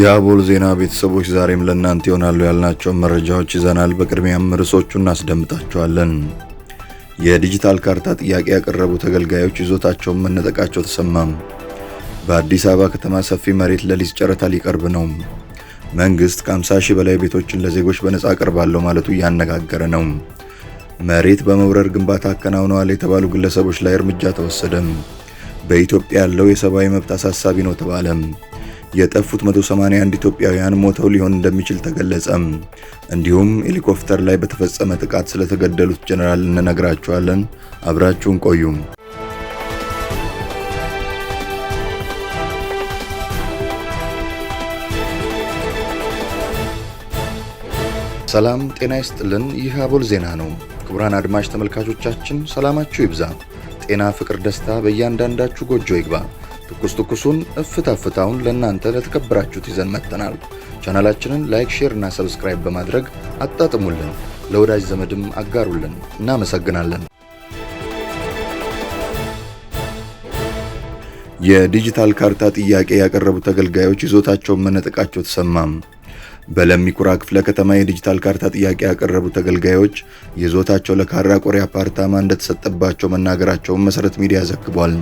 የአቦል ዜና ቤተሰቦች ዛሬም ለእናንተ ይሆናሉ ያልናቸውን መረጃዎች ይዘናል። በቅድሚያም ርዕሶቹ እናስደምጣቸዋለን። የዲጂታል ካርታ ጥያቄ ያቀረቡ ተገልጋዮች ይዞታቸውን መነጠቃቸው ተሰማም። በአዲስ አበባ ከተማ ሰፊ መሬት ለሊዝ ጨረታ ሊቀርብ ነው። መንግስት ከ50 ሺህ በላይ ቤቶችን ለዜጎች በነፃ አቅርባለሁ ማለቱ እያነጋገረ ነው። መሬት በመውረር ግንባታ አከናውነዋል የተባሉ ግለሰቦች ላይ እርምጃ ተወሰደም። በኢትዮጵያ ያለው የሰብአዊ መብት አሳሳቢ ነው ተባለም። የጠፉት 181 ኢትዮጵያውያን ሞተው ሊሆን እንደሚችል ተገለጸ። እንዲሁም ሄሊኮፕተር ላይ በተፈጸመ ጥቃት ስለተገደሉት ጀነራል እንነግራችኋለን። አብራችሁን ቆዩም። ሰላም ጤና ይስጥልን። ይህ አቦል ዜና ነው። ክቡራን አድማጭ ተመልካቾቻችን ሰላማችሁ ይብዛ፣ ጤና፣ ፍቅር፣ ደስታ በእያንዳንዳችሁ ጎጆ ይግባ። ትኩስ ትኩሱን እፍታ ፍታውን ለእናንተ ለተከበራችሁት ይዘን መጥተናል። ቻናላችንን ላይክ፣ ሼር እና ሰብስክራይብ በማድረግ አጣጥሙልን፣ ለወዳጅ ዘመድም አጋሩልን። እናመሰግናለን። የዲጂታል ካርታ ጥያቄ ያቀረቡ ተገልጋዮች ይዞታቸውን መነጠቃቸው ተሰማም። በለሚ ኩራ ክፍለ ከተማ የዲጂታል ካርታ ጥያቄ ያቀረቡ ተገልጋዮች ይዞታቸው ለካራ አፓርታማ እንደተሰጠባቸው መናገራቸውን መሰረት ሚዲያ ዘግቧል።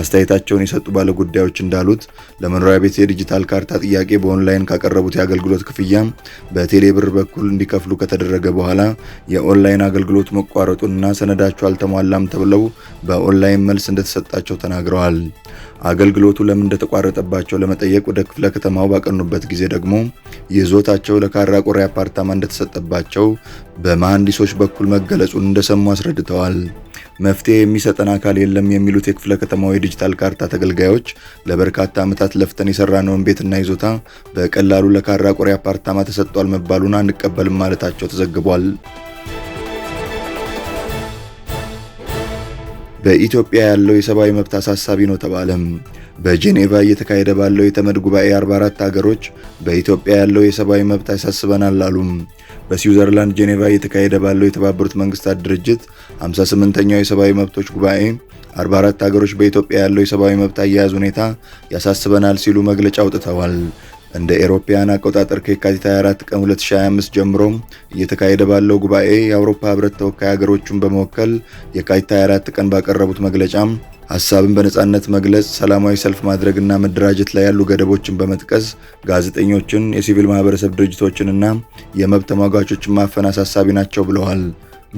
አስተያየታቸውን የሰጡ ባለጉዳዮች እንዳሉት ለመኖሪያ ቤት የዲጂታል ካርታ ጥያቄ በኦንላይን ካቀረቡት የአገልግሎት ክፍያ በቴሌ ብር በኩል እንዲከፍሉ ከተደረገ በኋላ የኦንላይን አገልግሎት መቋረጡንና ሰነዳቸው አልተሟላም ተብለው በኦንላይን መልስ እንደተሰጣቸው ተናግረዋል። አገልግሎቱ ለምን እንደተቋረጠባቸው ለመጠየቅ ወደ ክፍለ ከተማው ባቀኑበት ጊዜ ደግሞ ይዞታቸው ለካራ ቆሬ አፓርታማ እንደተሰጠባቸው በመሐንዲሶች በኩል መገለጹን እንደሰሙ አስረድተዋል። መፍትሄ የሚሰጠን አካል የለም የሚሉት የክፍለ ከተማው የዲጂታል ካርታ ተገልጋዮች ለበርካታ ዓመታት ለፍተን የሰራነውን ቤትና ይዞታ በቀላሉ ለካራ ቆሪ አፓርታማ ተሰጥቷል መባሉን አንቀበልም ማለታቸው ተዘግቧል። በኢትዮጵያ ያለው የሰብአዊ መብት አሳሳቢ ነው ተባለም። በጄኔቫ እየተካሄደ ባለው የተመድ ጉባኤ 44 ሀገሮች በኢትዮጵያ ያለው የሰብአዊ መብት ያሳስበናል አሉም። በስዊዘርላንድ ጄኔቫ እየተካሄደ ባለው የተባበሩት መንግስታት ድርጅት 58ኛው የሰብአዊ መብቶች ጉባኤ 44 አገሮች በኢትዮጵያ ያለው የሰብአዊ መብት አያያዝ ሁኔታ ያሳስበናል ሲሉ መግለጫ አውጥተዋል። እንደ ኤሮፓያን አቆጣጠር ከየካቲት 24 ቀን 2025 ጀምሮ እየተካሄደ ባለው ጉባኤ የአውሮፓ ህብረት ተወካይ ሀገሮቹን በመወከል የካቲት 24 ቀን ባቀረቡት መግለጫ ሀሳብን በነጻነት መግለጽ፣ ሰላማዊ ሰልፍ ማድረግና መደራጀት ላይ ያሉ ገደቦችን በመጥቀስ ጋዜጠኞችን፣ የሲቪል ማህበረሰብ ድርጅቶችንና የመብት ተሟጋቾችን ማፈን አሳሳቢ ናቸው ብለዋል።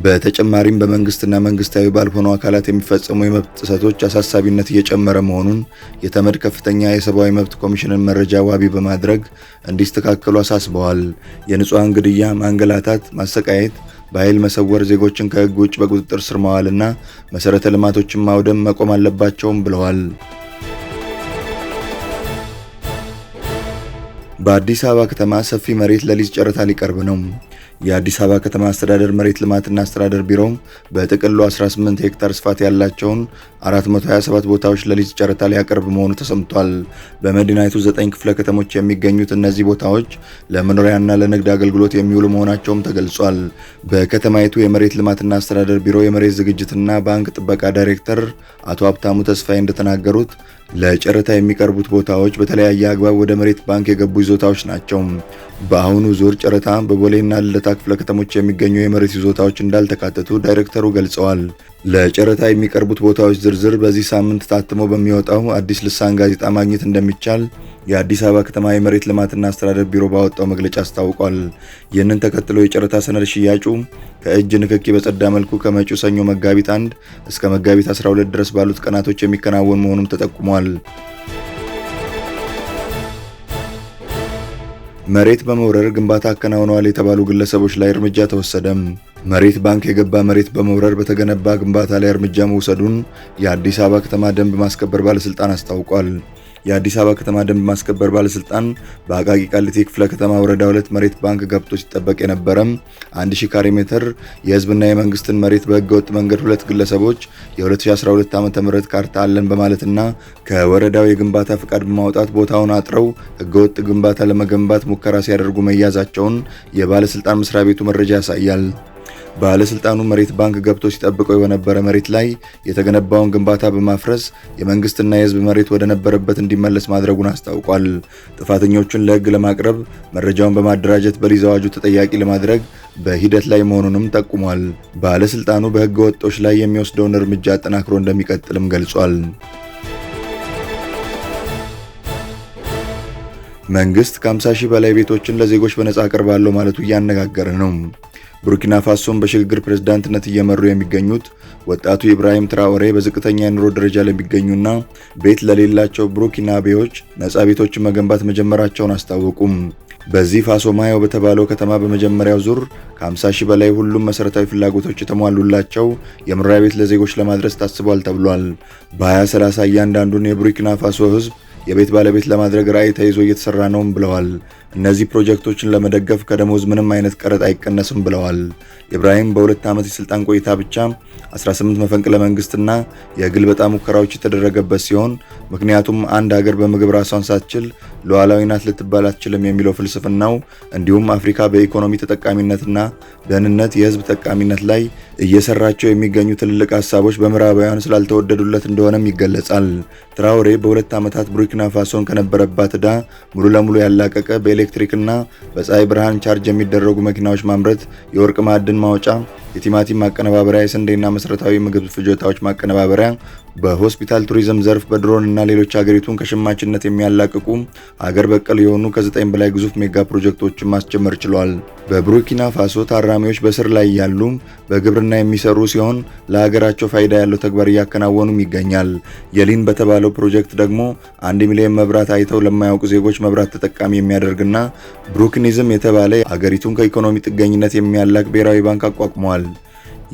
በተጨማሪም በመንግስትና መንግስታዊ ባልሆኑ አካላት የሚፈጸሙ የመብት ጥሰቶች አሳሳቢነት እየጨመረ መሆኑን የተመድ ከፍተኛ የሰብአዊ መብት ኮሚሽንን መረጃ ዋቢ በማድረግ እንዲስተካከሉ አሳስበዋል። የንጹሐን ግድያ፣ ማንገላታት፣ ማሰቃየት፣ በኃይል መሰወር፣ ዜጎችን ከህግ ውጭ በቁጥጥር ስር ማዋልና መሰረተ ልማቶችን ማውደም መቆም አለባቸውም ብለዋል። በአዲስ አበባ ከተማ ሰፊ መሬት ለሊዝ ጨረታ ሊቀርብ ነው። የአዲስ አበባ ከተማ አስተዳደር መሬት ልማትና አስተዳደር ቢሮም በጥቅሉ 18 ሄክታር ስፋት ያላቸውን 427 ቦታዎች ለሊዝ ጨረታ ሊያቀርብ መሆኑ ተሰምቷል። በመዲናይቱ ዘጠኝ ክፍለ ከተሞች የሚገኙት እነዚህ ቦታዎች ለመኖሪያና ለንግድ አገልግሎት የሚውሉ መሆናቸውም ተገልጿል። በከተማይቱ የመሬት ልማትና አስተዳደር ቢሮ የመሬት ዝግጅትና ባንክ ጥበቃ ዳይሬክተር አቶ ሀብታሙ ተስፋዬ እንደተናገሩት ለጨረታ የሚቀርቡት ቦታዎች በተለያየ አግባብ ወደ መሬት ባንክ የገቡ ይዞታዎች ናቸው። በአሁኑ ዙር ጨረታ በቦሌና ልደታ ክፍለ ከተሞች የሚገኙ የመሬት ይዞታዎች እንዳልተካተቱ ዳይሬክተሩ ገልጸዋል። ለጨረታ የሚቀርቡት ቦታዎች ዝርዝር በዚህ ሳምንት ታትሞ በሚወጣው አዲስ ልሳን ጋዜጣ ማግኘት እንደሚቻል የአዲስ አበባ ከተማ የመሬት ልማትና አስተዳደር ቢሮ ባወጣው መግለጫ አስታውቋል። ይህንን ተከትሎ የጨረታ ሰነድ ሽያጩ ከእጅ ንክኪ በጸዳ መልኩ ከመጪው ሰኞ መጋቢት 1 እስከ መጋቢት 12 ድረስ ባሉት ቀናቶች የሚከናወን መሆኑም ተጠቁሟል። መሬት በመውረር ግንባታ አከናውነዋል የተባሉ ግለሰቦች ላይ እርምጃ ተወሰደም። መሬት ባንክ የገባ መሬት በመውረር በተገነባ ግንባታ ላይ እርምጃ መውሰዱን የአዲስ አበባ ከተማ ደንብ ማስከበር ባለስልጣን አስታውቋል። የአዲስ አበባ ከተማ ደንብ ማስከበር ባለስልጣን በአቃቂ ቃሊቲ ክፍለ ከተማ ወረዳ ሁለት መሬት ባንክ ገብቶ ሲጠበቅ የነበረ 1000 ካሬ ሜትር የህዝብና የመንግስትን መሬት በህገወጥ መንገድ ሁለት ግለሰቦች የ2012 ዓ ም ካርታ አለን በማለትና ከወረዳው የግንባታ ፍቃድ በማውጣት ቦታውን አጥረው ህገወጥ ግንባታ ለመገንባት ሙከራ ሲያደርጉ መያዛቸውን የባለስልጣን መስሪያ ቤቱ መረጃ ያሳያል። ባለስልጣኑ መሬት ባንክ ገብቶ ሲጠብቀው የነበረ መሬት ላይ የተገነባውን ግንባታ በማፍረስ የመንግስትና የህዝብ መሬት ወደ ነበረበት እንዲመለስ ማድረጉን አስታውቋል። ጥፋተኞቹን ለህግ ለማቅረብ መረጃውን በማደራጀት በሊዝ አዋጁ ተጠያቂ ለማድረግ በሂደት ላይ መሆኑንም ጠቁሟል። ባለስልጣኑ በህገ ወጦች ላይ የሚወስደውን እርምጃ አጠናክሮ እንደሚቀጥልም ገልጿል። መንግስት ከ50 ሺህ በላይ ቤቶችን ለዜጎች በነጻ አቅርባለሁ ማለቱ እያነጋገረ ነው። ቡርኪና ፋሶን በሽግግር ፕሬዝዳንትነት እየመሩ የሚገኙት ወጣቱ ኢብራሂም ትራኦሬ በዝቅተኛ የኑሮ ደረጃ ለሚገኙና ቤት ለሌላቸው ቡርኪናቤዎች ነጻ ቤቶችን መገንባት መጀመራቸውን አስታወቁም። በዚህ ፋሶ ማዮ በተባለው ከተማ በመጀመሪያው ዙር ከ50 ሺህ በላይ ሁሉም መሰረታዊ ፍላጎቶች የተሟሉላቸው የመኖሪያ ቤት ለዜጎች ለማድረስ ታስቧል ተብሏል። በ2030 እያንዳንዱን የቡርኪና ፋሶ ህዝብ የቤት ባለቤት ለማድረግ ራዕይ ተይዞ እየተሰራ ነውም ብለዋል። እነዚህ ፕሮጀክቶችን ለመደገፍ ከደሞዝ ምንም አይነት ቀረጥ አይቀነስም ብለዋል። ኢብራሂም በሁለት ዓመት የስልጣን ቆይታ ብቻ 18 መፈንቅለ የግል የግልበጣ ሙከራዎች የተደረገበት ሲሆን ምክንያቱም አንድ ሀገር በምግብ ራሷን ሳትችል ሉዓላዊ ናት ልትባል አትችልም የሚለው ፍልስፍናው እንዲሁም አፍሪካ በኢኮኖሚ ተጠቃሚነትና ደህንነት፣ የህዝብ ጠቃሚነት ላይ እየሰራቸው የሚገኙ ትልልቅ ሀሳቦች በምዕራባውያን ስላልተወደዱለት እንደሆነም ይገለጻል። ትራውሬ በሁለት ዓመታት ቡርኪና ፋሶን ከነበረባት ዕዳ ሙሉ ለሙሉ ያላቀቀ በ ኤሌክትሪክና በፀሐይ ብርሃን ቻርጅ የሚደረጉ መኪናዎች ማምረት፣ የወርቅ ማዕድን ማውጫ፣ የቲማቲም ማቀነባበሪያ፣ የስንዴና መሰረታዊ ምግብ ፍጆታዎች ማቀነባበሪያ፣ በሆስፒታል ቱሪዝም ዘርፍ በድሮን እና ሌሎች ሀገሪቱን ከሸማችነት የሚያላቅቁ አገር በቀል የሆኑ ከ9 በላይ ግዙፍ ሜጋ ፕሮጀክቶችን ማስጀመር ችሏል። በቡርኪና ፋሶ ታራሚዎች በስር ላይ ያሉ በግብርና የሚሰሩ ሲሆን ለሀገራቸው ፋይዳ ያለው ተግባር እያከናወኑም ይገኛል። የሊን በተባለው ፕሮጀክት ደግሞ አንድ ሚሊዮን መብራት አይተው ለማያውቁ ዜጎች መብራት ተጠቃሚ የሚያደርግና ብሩክኒዝም የተባለ ሀገሪቱን ከኢኮኖሚ ጥገኝነት የሚያላቅ ብሔራዊ ባንክ አቋቁመዋል።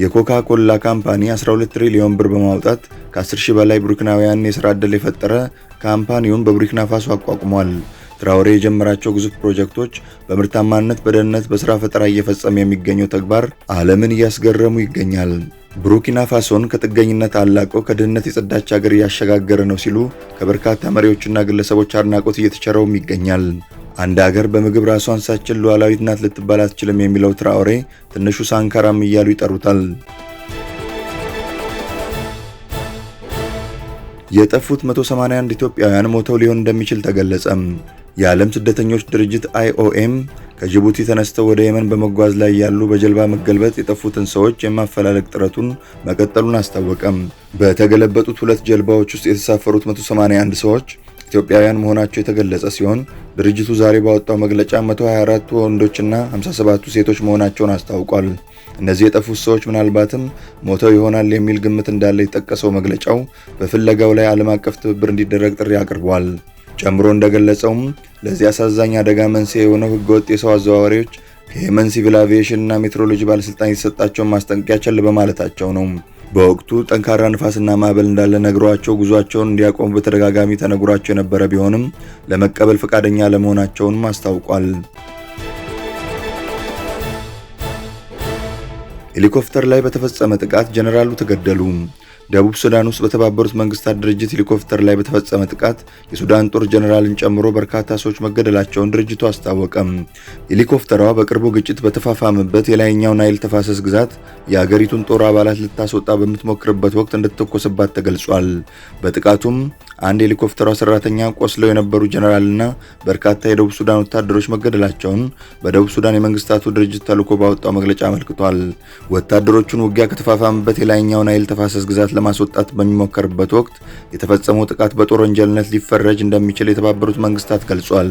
የኮካ ኮላ ካምፓኒ 12 ትሪሊዮን ብር በማውጣት ከ10 ሺህ በላይ ቡርኪናውያን የሥራ ዕድል የፈጠረ ካምፓኒውን በቡርኪና ፋሶ አቋቁሟል። ትራውሬ የጀመራቸው ግዙፍ ፕሮጀክቶች በምርታማነት፣ በደህንነት፣ በሥራ ፈጠራ እየፈጸመ የሚገኘው ተግባር ዓለምን እያስገረሙ ይገኛል። ቡርኪና ፋሶን ከጥገኝነት አላቆ ከድህነት የጸዳች ሀገር እያሸጋገረ ነው ሲሉ ከበርካታ መሪዎችና ግለሰቦች አድናቆት እየተቸረውም ይገኛል። አንድ ሀገር በምግብ ራሷን ሳችል ሉዓላዊት ናት ልትባል አትችልም የሚለው ትራኦሬ ትንሹ ሳንካራም እያሉ ይጠሩታል። የጠፉት 181 ኢትዮጵያውያን ሞተው ሊሆን እንደሚችል ተገለጸም። የዓለም ስደተኞች ድርጅት አይኦኤም ከጅቡቲ ተነስተው ወደ የመን በመጓዝ ላይ ያሉ በጀልባ መገልበጥ የጠፉትን ሰዎች የማፈላለግ ጥረቱን መቀጠሉን አስታወቀም። በተገለበጡት ሁለት ጀልባዎች ውስጥ የተሳፈሩት 181 ሰዎች ኢትዮጵያውያን መሆናቸው የተገለጸ ሲሆን ድርጅቱ ዛሬ ባወጣው መግለጫ 124 ወንዶችና 57 ሴቶች መሆናቸውን አስታውቋል። እነዚህ የጠፉት ሰዎች ምናልባትም ሞተው ይሆናል የሚል ግምት እንዳለ የጠቀሰው መግለጫው በፍለጋው ላይ ዓለም አቀፍ ትብብር እንዲደረግ ጥሪ አቅርቧል። ጨምሮ እንደገለጸውም ለዚህ አሳዛኝ አደጋ መንስኤ የሆነው ህገወጥ የሰው አዘዋዋሪዎች ከየመን ሲቪል አቪዬሽን እና ሜትሮሎጂ ባለሥልጣን የተሰጣቸውን ማስጠንቀቂያ ቸል በማለታቸው ነው። በወቅቱ ጠንካራ ንፋስና ማዕበል እንዳለ ነግሯቸው ጉዟቸውን እንዲያቆሙ በተደጋጋሚ ተነግሯቸው የነበረ ቢሆንም ለመቀበል ፈቃደኛ ለመሆናቸውንም አስታውቋል። ሄሊኮፕተር ላይ በተፈጸመ ጥቃት ጀነራሉ ተገደሉ። ደቡብ ሱዳን ውስጥ በተባበሩት መንግስታት ድርጅት ሄሊኮፕተር ላይ በተፈጸመ ጥቃት የሱዳን ጦር ጀኔራልን ጨምሮ በርካታ ሰዎች መገደላቸውን ድርጅቱ አስታወቀም። ሄሊኮፕተሯ በቅርቡ ግጭት በተፋፋመበት የላይኛው ናይል ተፋሰስ ግዛት የአገሪቱን ጦር አባላት ልታስወጣ በምትሞክርበት ወቅት እንደተተኮሰባት ተገልጿል። በጥቃቱም አንድ ሄሊኮፕተሯ ሰራተኛ ቆስለው የነበሩ ጀነራልና በርካታ የደቡብ ሱዳን ወታደሮች መገደላቸውን በደቡብ ሱዳን የመንግስታቱ ድርጅት ተልዕኮ ባወጣው መግለጫ አመልክቷል። ወታደሮቹን ውጊያ ከተፋፋመበት የላይኛውን ናይል ተፋሰስ ግዛት ለማስወጣት በሚሞከርበት ወቅት የተፈጸመው ጥቃት በጦር ወንጀልነት ሊፈረጅ እንደሚችል የተባበሩት መንግስታት ገልጿል።